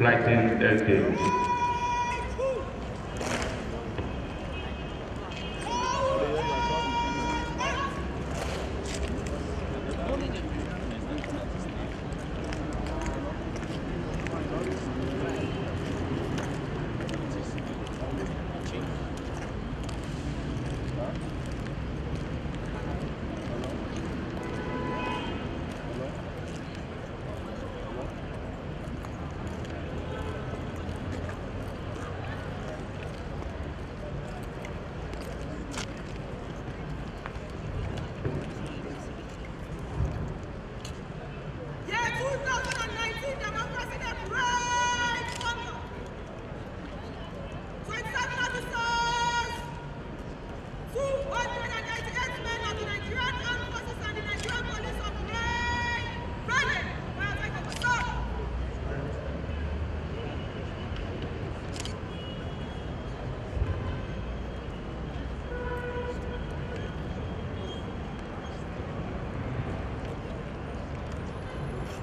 flighting escape.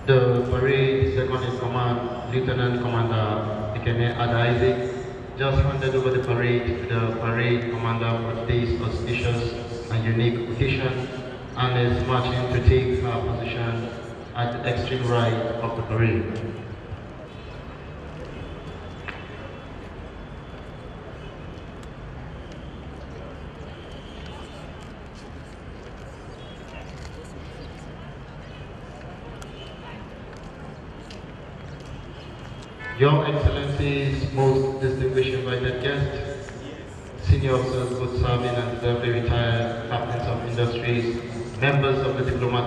the parade second in command, Lieutenant Commander Ikene Ada just handed over the parade to the parade commander for today's auspicious and unique occasion and is marching to take her position at the extreme right of the parade. Your Excellencies, most distinguished invited guests, senior officers, good serving and retired captains of industries, members of the diplomatic